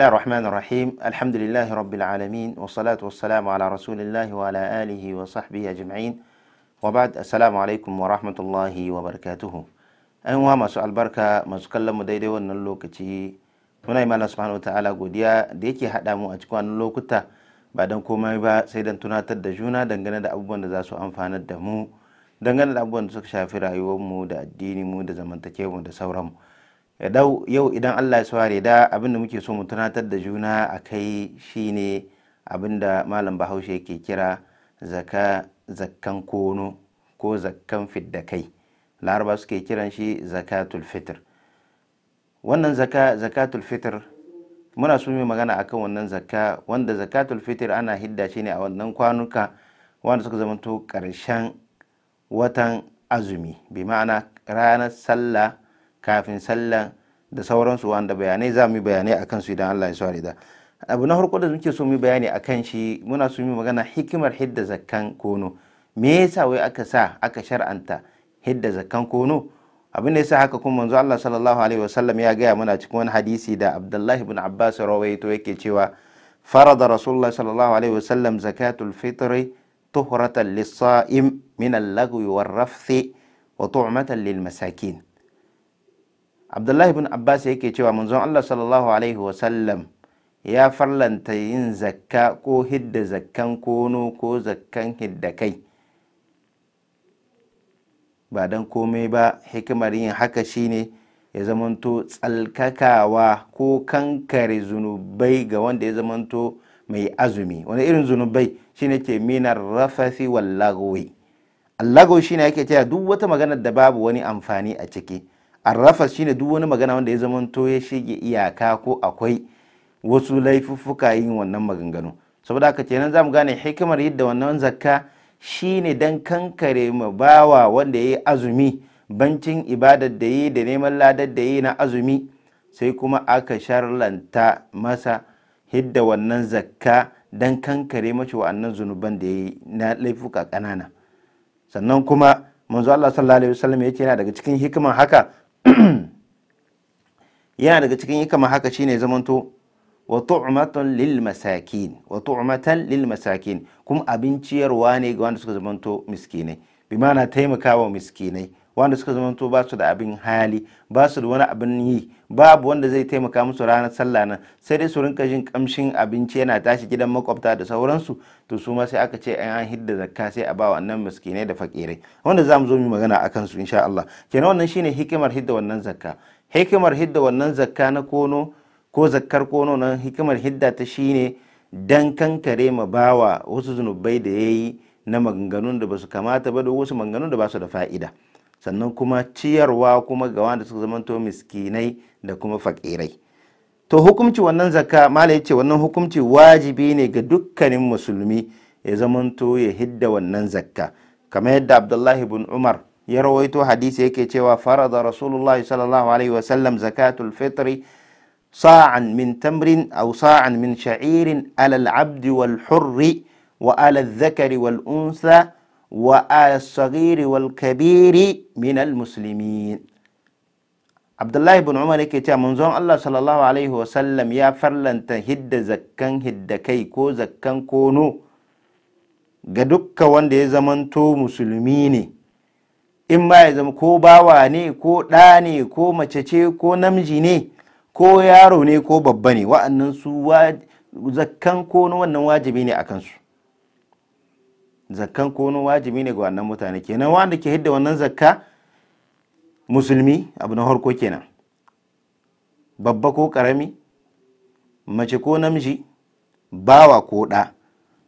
الله الرحمن الرحيم الحمد لله رب العالمين والصلاة والسلام على رسول الله وعلى آله وصحبه أجمعين وبعد السلام عليكم ورحمة الله وبركاته أنا ما سؤال البركة ما سكلا مديد ونلو كتي هنا إما الله سبحانه وتعالى قوديا ديكي حتى مو أتكوا نلو كتا بعد أن كوما يبا سيدا تنا تدجونا دنغنا دا أبوان نزاسو أنفان الدمو دنغنا دا أبوان نزاك شافر أيوامو دا الديني مو دا زمن تكيو دا سورمو dau yau idan Allah ya saware da abinda muke so mu tunatar da juna a kai shine abinda malam bahaushe ke kira zaka zakkan kono ko zakkan fiddakai laraba suke kiran shi zakatul fitr wannan zaka zakatul fitr muna so mu magana akan wannan zakka wanda zakatul fitr ana hidda shi ne a wannan kwanuka wanda suka zamanto karshen watan azumi bi ma'ana ranar sallah kafin sallah da sauransu wanda bayanai za mu yi bayanai a kansu idan Allah ya sa da abu na farko da muke so mu bayani a kan shi muna so mu magana hikimar hidda zakkan kono me yasa wai aka sa aka shar'anta hidda zakkan kono abin da yasa haka kuma manzo Allah sallallahu alaihi wasallam ya gaya muna cikin wani hadisi da Abdullahi ibn Abbas rawaito yake cewa farada rasulullah sallallahu alaihi wasallam zakatul fitri tuhratan lis-sa'im min al-lagwi war-rafthi wa tu'matan lil-masakin abdullahi bin abbas yake cewa manzon allah sallallahu alaihi wasallam ya farlanta yin zakka ko hidda zakkan kono ko zakkan hidda kai ba don komai ba hikimar yin haka shine ya zamanto tsalkakawa ko kankare zunubai ga wanda ya zamanto mai azumi wani irin zunubai shine ke minar rafafi wallagowi allago shine yake cewa duk wata maganar da babu wani amfani a ciki arrafa shine duk wani magana wanda ya zamanto ya shige iyaka ko akwai wasu laifuffuka yin wannan maganganu saboda haka kenan zamu gane hikimar yadda wannan zakka shine dan kankare ma bawa wanda yayi azumi bancin ibadar da yi da neman ladar da yi na azumi sai kuma aka sharlanta masa hidda wannan zakka dan kankare mashi wa'annan zunuban da yayi na laifuka ƙanana sannan kuma manzo Allah sallallahu alaihi wasallam yake yana daga cikin hikiman haka yana daga cikin ma haka shine zamanto wa tu'matun lil masakin wa tu'matan lil masakin kuma abinciyarwa ne ga wanda suka zamanto miskinai bi na taimakawa miskinai wanda suka zamanto ba su da abin hali ba su da wani abin yi babu wanda zai taimaka musu ranar sallah nan sai dai su rinka jin kamshin abinci yana tashi gidan makwabta da sauransu to su ma sai aka ce an hidda zakka sai a ba wannan miskinai da fakirai wanda za mu zo mu magana akan su insha Allah kenan wannan shine hikimar hidda wannan zakka hikimar hidda wannan zakka na kono ko zakkar kono nan hikimar hidda ta shine dan kankare ma bawa wasu zunubai da yayi na maganganun da ba su kamata ba da wasu maganganun da ba su da fa'ida sannan kuma ciyarwa kuma ga wanda suka zamanto miskinai da kuma fakirai to hukunci wannan zakka mala ya ce wannan hukumci wajibi ne ga dukkanin musulmi ya zamanto ya hidda wannan zakka kamar yadda abdullahi bin umar ya rawaito hadisi yake cewa farada rasulullahi sallallahu alaihi wa sallam zakatul fitri sa'an min tamrin aw sa'an min sha'irin alal abdi wal hurri wa alal zakari wal unsa wa asagiri wal kabiri minal muslimin abdullahi bin umar yake cewa manzon allah sallallahu alaihi wasallam ya farlanta hidda zakkan hidda kai ko zakkan kono ga dukka wanda ya zamanto musulmi ne in ma ya zama ko bawa ne ko ɗa ne ko mace ce ko namiji ne ko yaro ne ko babba ne wa'annan su zakkan kono wannan wajibi ne a kansu zakkan kono wajibi ne ga wannan mutane kenan wanda ke hidda wannan zakka musulmi abu na harko kenan babba ko karami mace ko namiji bawa ko ɗa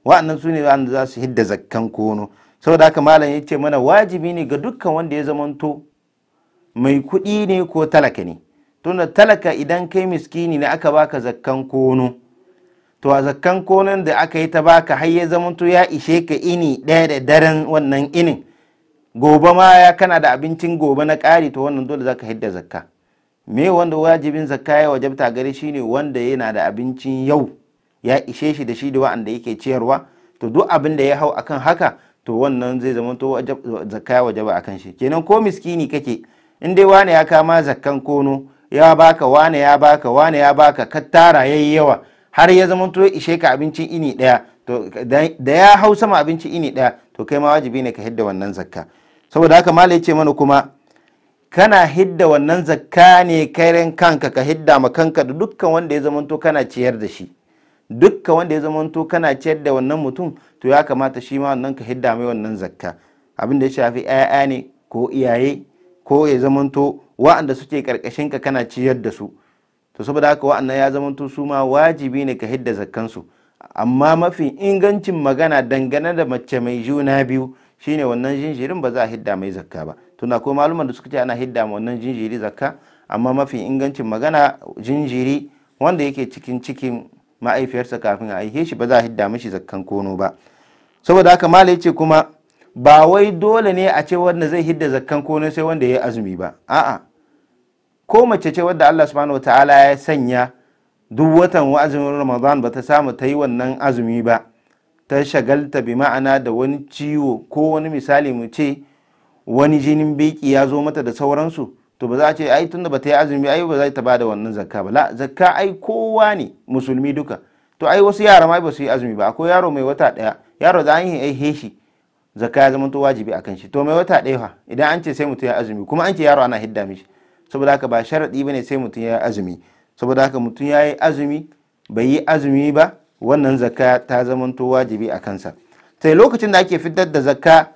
wa'annan su ne wanda za su hidda zakkan kono saboda haka malam ya ce mana wajibi ne ga dukkan wanda ya zamanto mai kuɗi ne ko talaka ne tunda talaka idan kai miskini ne aka baka zakkan kono to a zakkan konan da aka yi ta baka har ya zamanto ya ishe ka ini ɗaya da daren wannan inin gobe ma ya kana da abincin gobe na ƙari to wannan dole zaka hidda zakka me wanda wajibin zakka ya wajabta gare shi ne wanda yana da abincin yau ya ishe shi da shi da wa'anda yake ciyarwa to duk abin da ya hau akan haka to wannan zai zama to zakka ya wajaba akan shi kenan ko miskini kake in dai wane ya kama zakkan kono ya baka wane ya baka wane ya baka ka yayi yawa har ya zama to ishe ka abincin ini daya to da ya hau sama abincin ini daya to kai ma wajibi ne ka hidda wannan zakka saboda haka malai ce mana kuma kana hidda wannan zakka ne kairen kanka ka hidda ma kanka da dukkan wanda ya zamanto kana ciyar da shi dukkan wanda ya zamanto kana ciyar da wannan mutum to ya kamata shi ma wannan ka hidda mai wannan zakka abin da ya shafi 'ya'ya ne ko iyaye ko ya zamanto wa'anda suke karkashin ka kana ciyar da su to saboda haka wa'annan ya zamanto su ma wajibi ne ka hidda zakkansu amma mafi ingancin magana dangane da mace mai juna biyu shine wannan jinjirin ba za a hidda mai zakka ba Tunda ko maluman da suka ce ana hidda ma wannan jinjiri zakka amma mafi ingancin magana jinjiri wanda yake cikin cikin ma'aifiyarsa kafin a aihe shi ba za a hidda mishi zakkan kono ba saboda haka malai ce kuma ba wai dole ne a ce wanda zai hidda zakkan kono sai wanda ya yi azumi ba a'a ko mace ce wadda Allah subhanahu wataala ya sanya duk watan wa'azin Ramadan ba ta samu ta yi wannan azumi ba ta shagalta bi ma'ana da wani ciwo ko wani misali mu ce wani jinin biki ya zo mata da sauransu to ba za a ce ai tunda ba ta yi azumi ai ba za ta ba da wannan zakka ba la zakka ai kowa ne musulmi duka to ai wasu yara ma ba su yi azumi ba akwai yaro mai wata daya yaro da an yi ai heshi, zakka ya zama to wajibi akan shi to mai wata daya fa idan an ce sai mutum ya azumi kuma an ce yaro ana hidda mishi saboda haka ba sharaɗi ne sai mutum ya azumi saboda haka mutum ya yi azumi bai yi azumi ba wannan zakka ta zamanto wajibi a kansa sai lokacin da ake fitar da zakka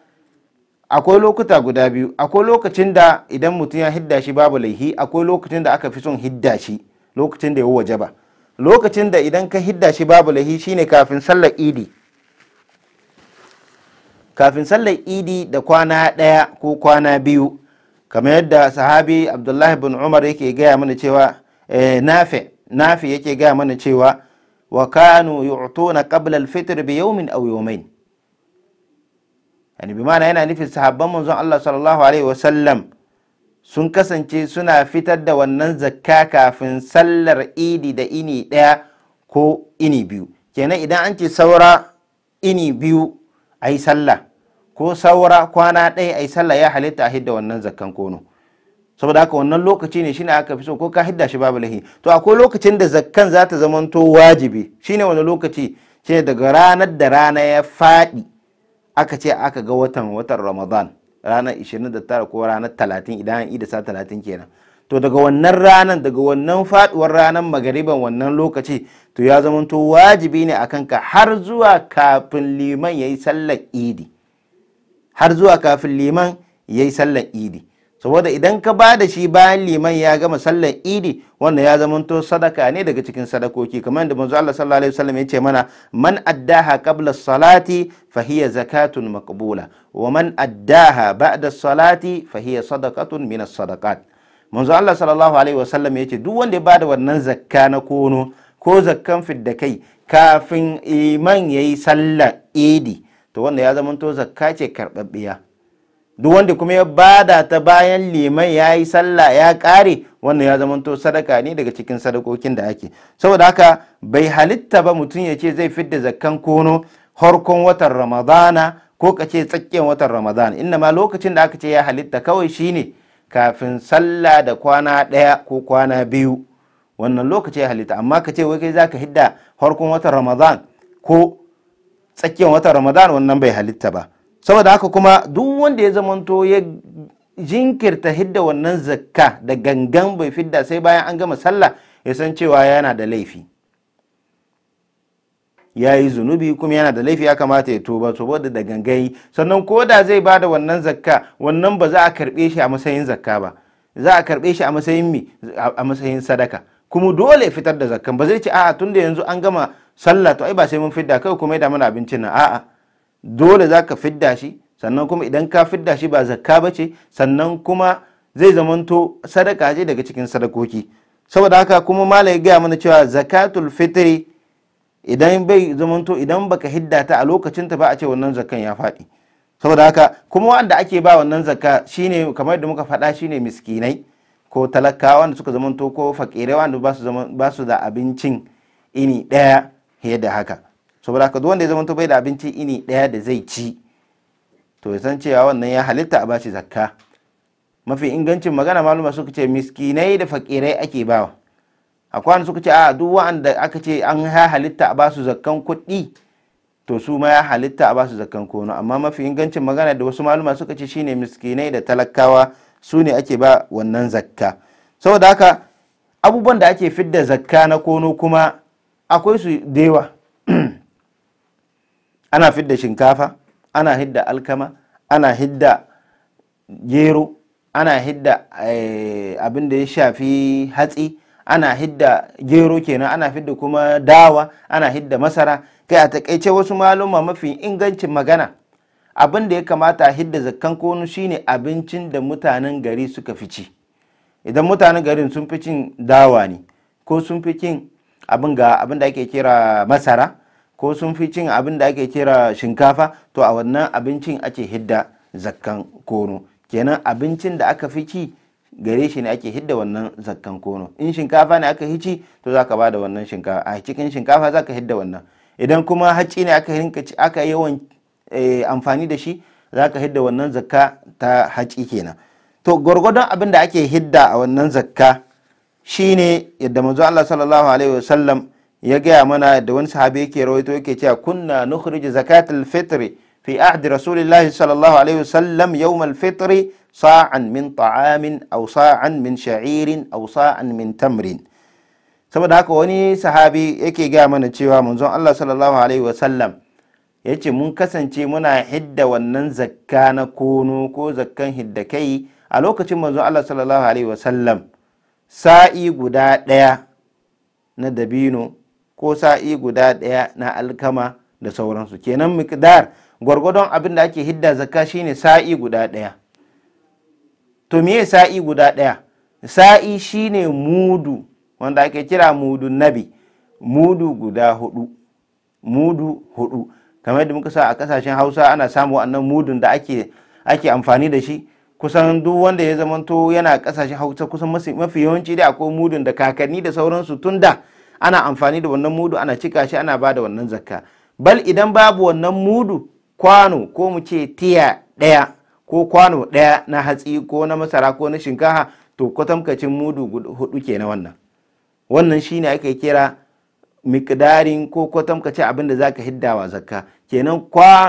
akwai lokuta guda biyu akwai lokacin da idan mutum ya hidda shi babu laihi akwai lokacin da aka fi son hidda shi lokacin da ya ba lokacin da idan ka hidda shi babu laihi shine kafin sallar idi kafin sallar idi da kwana ɗaya ko kwana biyu kamar yadda sahabi abdullahi bin umar yake gaya mana cewa eh, nafi nafi yake gaya mana cewa wa kanu yu'tuna qabla al-fitr bi yawmin aw yawmayn yani bi yana nufin sahabban manzon Allah sallallahu alaihi wa sallam sun kasance suna fitar da wannan zakka kafin sallar idi da ini ɗaya ko ini biyu kenan idan an ce saura ini biyu a sallah ko saura kwana ɗaya ai sallah ya halitta a hidda wannan zakkan kono saboda haka wannan lokaci ne shine aka fi so ko ka hidda shi babu lahi to akwai lokacin da zakkan za ta zamanto wajibi shine wani lokaci shine daga ranar da rana ya faɗi aka ce aka ga watan watan ramadan ranar 29 ko ranar 30 idan an idasa 30 kenan to daga wannan ranar daga wannan faduwar ranar magariban wannan lokaci to ya zamanto wajibi ne akan ka har zuwa kafin liman ya yi sallar idi har zuwa kafin liman yayi yi sallar idi saboda idan ka ba da shi bayan liman ya gama sallar idi wannan ya zama to sadaka ne daga cikin sadakoki kamar yadda manzo Allah sallallahu alaihi wasallam yace mana man addaha qabla salati fa hiya zakatun maqbula wa man addaha ba'da salati fa hiya sadaqatun min as-sadaqat manzo Allah sallallahu alaihi wasallam yace duk wanda ya bada wannan zakka na kono ko zakkan fidda kai kafin iman yayi sallar idi to wanda ya zama to zakka ce karɓaɓɓiya duk wanda kuma ya bada ta bayan liman ya yi sallah ya ƙare wanda ya zama to sadaka ne daga cikin sadakokin da ake saboda haka bai halitta ba mutum ya ce zai fidda zakkan kono harkon watan ramadana ko ka ce tsakiyar watan ramadana inna ma lokacin da aka ce ya halitta kawai shine kafin sallah da kwana ɗaya ko kwana biyu wannan lokaci ya halitta amma ka ce wai kai zaka hidda harkon watan ramadan ko tsakiyar watan ramadan wannan bai halitta ba saboda haka kuma duk wanda ya zamanto ya jinkirta hidda wannan zakka da gangan bai fidda sai bayan an gama sallah ya san cewa yana da laifi ya yi zunubi kuma yana da laifi ya kamata ya tuba saboda da gangayi sannan ko da zai ba da wannan zakka wannan ba za a karbe shi a matsayin zakka ba za a karbe shi a matsayin mi a matsayin sadaka kuma dole fitar da zakkan ba zai ce a'a tunda yanzu an gama sallah to ai ba sai mun fidda kai kuma da mana abincin nan a'a dole zaka fidda shi sannan kuma idan ka fidda shi ba zakka bace sannan kuma zai zamanto sadaka je daga cikin sadakoki saboda haka kuma mala ya gaya mana cewa zakatul fitri idan bai zamanto idan baka hidda ta a lokacin ta ba a ce wannan zakkan ya faɗi saboda haka kuma wanda ake ba wannan zakka shine kamar yadda muka faɗa shine miskinai ko talakawa wanda suka zamanto ko fakirai wanda ba su da abincin ini ɗaya fiye da haka saboda haka duk wanda ya zamanto bai da abinci ini daya da zai ci to ya san cewa wannan ya halitta a bashi zakka mafi ingancin magana maluma suka ce miskinai da fakirai ake bawa akwai wanda suka ce a duk wanda aka ce an ya halitta a basu zakkan kuɗi to su ma ya halitta a basu zakkan kono amma mafi ingancin magana da wasu maluma suka ce shine miskinai da talakawa su ne ake ba wannan zakka saboda haka abubuwan da ake fidda zakka na kono kuma akwai su dewa ana fidda shinkafa ana hidda alkama ana hidda gero ana hidda eh, abin ya shafi hatsi ana hidda gero kenan ana hidda kuma dawa ana hidda masara kai a takaice wasu maluma mafi ingancin magana abin da ya kamata hidda zakkan konu shine abincin da mutanen gari suka fi ci idan mutanen garin sun fi cin dawa ne ko sun fi cin abin ga abin da ake kira masara ko sun fi cin abin da ake kira shinkafa to a wannan abincin ake hidda zakkan kono kenan abincin da aka fi ci gare shi ne ake hidda wannan zakkan kono in shinkafa ne aka hici to zaka ba da wannan shinkafa a cikin shinkafa zaka hidda wannan idan kuma hacci ne aka rinka aka yawan eh, amfani da shi zaka hidda wannan zakka ta hacci kenan to gwargwadon abin da ake hidda a wannan zakka shine yadda manzo Allah sallallahu alaihi wasallam ya gaya mana da wani sahabi yake rawaito yake cewa kunna nukhrij zakatul fitr fi ahd rasulillahi sallallahu alaihi wasallam yawm al fitr sa'an min ta'amin aw sa'an min sha'irin aw sa'an min tamrin saboda haka wani sahabi yake gaya mana cewa manzon Allah sallallahu alaihi wasallam yace mun kasance muna hidda wannan zakka na kono ko zakkan hidda kai a lokacin manzon Allah sallallahu alaihi wasallam sa'i guda ɗaya na dabino ko sa'i guda ɗaya na alkama da sauransu kenan mikdar gwargwadon abin da ake hidda zakka shine sa'i guda ɗaya to meye sa'i guda ɗaya sa'i shine mudu wanda ake kira mudu nabi mudu guda hudu mudu hudu kamar yadda muka sa a kasashen hausa ana samu wannan mudun da ake amfani da shi kusan duk wanda ya zamanto yana kasashen hausa kusan mafi yawanci da akwai mudun da kakanni da sauransu tun da ana amfani da wannan mudu ana cika shi ana ba da wannan zakka bal idan babu wannan mudu kwano ko mu ce tiya ɗaya ko kwano ɗaya na hatsi ko na masara ko na shinkafa to kwatamkacin mudu hudu ke na wannan wannan shine ake kira mikdarin ko kwatamkacin abin da zaka hiddawa zakka kenan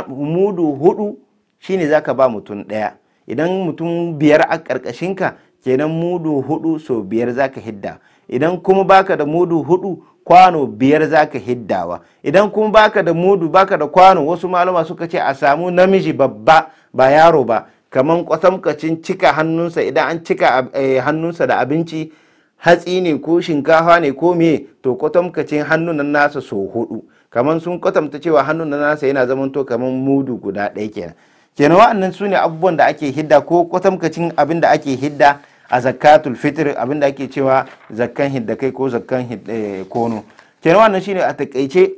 mudu hudu shine zaka ba mutum ɗaya idan mutum biyar a ƙarƙashinka kenan mudu hudu so biyar za ka hidda idan kuma baka da mudu hudu kwano biyar za ka hiddawa idan kuma baka da mudu baka da kwano wasu malama suka ce a samu namiji babba ba yaro ba kaman kwatamkacin cika hannunsa idan an cika eh, hannunsa da abinci hatsi ne ko shinkafa ne ko me to kwatamkacin hannun nasa so hudu kaman sun kwatamta cewa hannun nasa yana zamanto kamar mudu guda ɗaya kenan kenan wa'annan su ne abubuwan da ake hidda ko kwatamkacin abin da ake hidda a zakatul fitr abin da ake cewa zakkan hidda kai ko zakkan eh, kono kenan wannan shine a takaice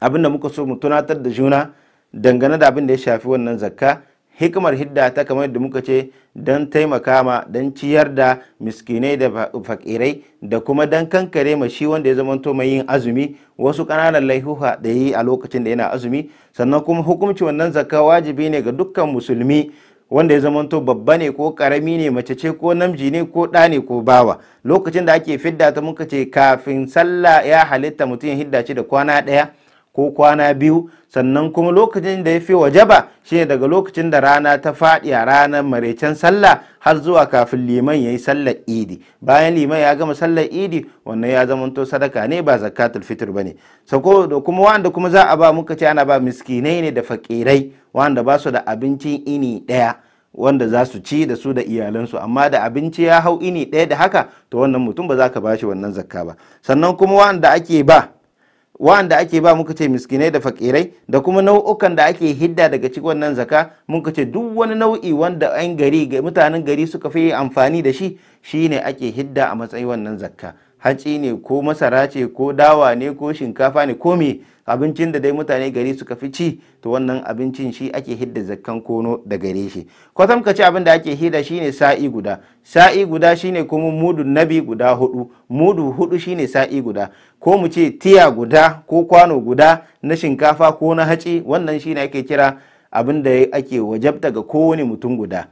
abin da muka so mu tunatar da juna dangane da abin da ya shafi wannan zakka hikimar hidda ta kamar yadda muka ce don taimaka ma don ciyar da miskinai da fakirai da kuma don kankare ma shi wanda ya zamanto mai yin azumi wasu kananan laifuka da yi a lokacin da yana azumi sannan kuma hukunci wannan zakka wajibi ne ga dukkan musulmi wanda ya zamanto babba ne ko karami ne mace ce ko namji ne ko ɗa ne ko bawa lokacin da ake fidda ta muka ce kafin sallah ya halitta mutum ya hidda ce da kwana ɗaya ko kwana biyu sannan kuma lokacin da ya fi wajaba shine daga lokacin da rana ta faɗi a ranar maraicen sallah har zuwa kafin liman ya yi sallar idi bayan liman ya gama sallar idi wannan ya zamanto sadaka ne ba zakatul fitr ba ne sako da kuma wanda kuma za a ba muka ce ana ba miskinai ne da fakirai wanda ba su da abincin ini ɗaya wanda za su ci da su da iyalansu amma da abinci ya hau ini ɗaya da haka to wannan mutum ba za ka ba shi wannan zakka ba sannan kuma wanda ake ba wa'anda ake ba muka ce miskinai da fakirai da kuma nau'ukan da ake hidda daga cikin wannan zaka muka ce duk wani nau'i wanda ɗan gari mutanen gari suka fi amfani da shi shine ake hidda a matsayin wannan zakka hatsi ne ko masara ce ko dawa ne ko shinkafa ne ko me abincin da dai mutane gari suka fi ci to wannan abincin shi ake hidda zakkan kono da gare shi kwatam ka ci abin da ake hida shine sa'i guda sa'i guda shine kuma mudu nabi guda hudu mudu hudu shine sa'i guda ko mu ce tiya guda ko kwano guda na shinkafa ko na hatsi wannan shine ake kira abin da ake wajabta ga kowane mutum guda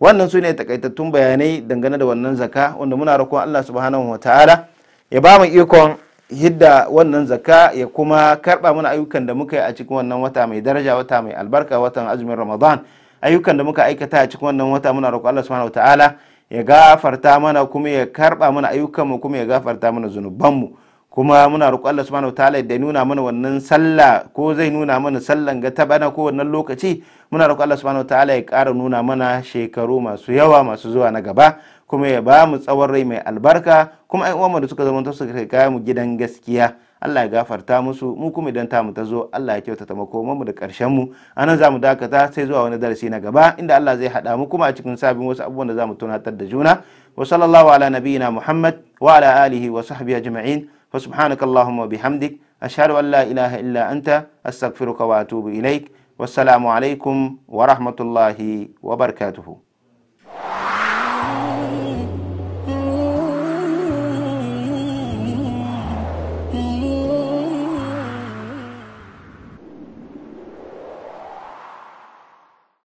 wannan su ne takaitattun bayanai dangane da wannan zaka wanda muna roƙon Allah subhanahu wa ta'ala ya ba mu ikon hidda wannan zakka ya kuma karba mana ayyukan da muka yi a cikin wannan wata mai daraja wata mai albarka watan azumin ramadan ayyukan da muka aikata a cikin wannan wata muna roƙo Allah subhanahu wataala ya gafarta mana kuma ya karba mana ayyukan mu kuma ya gafarta mana zunuban mu kuma muna roƙo Allah subhanahu wataala da nuna mana wannan sallah ko zai nuna mana sallan ga ta bana ko wannan lokaci muna roƙo Allah subhanahu wataala ya ƙara nuna mana shekaru masu yawa masu zuwa na gaba kuma ya ba mu tsawon rai mai albarka kuma ai uwanmu da suka zama su kai mu gidan gaskiya Allah ya gafarta musu mu kuma idan tamu ta zo Allah ya kyauta ta makoman mu da karshen mu anan zamu dakata sai zuwa wani darasi na gaba inda Allah zai hada mu kuma a cikin sabin wasu abubuwan da zamu tunatar da juna wa sallallahu ala nabiyyina Muhammad wa ala alihi wa sahbihi ajma'in fa subhanaka allahumma wa bihamdik ashhadu an la ilaha illa anta astaghfiruka wa atubu ilaik والسلام عليكم ورحمه الله وبركاته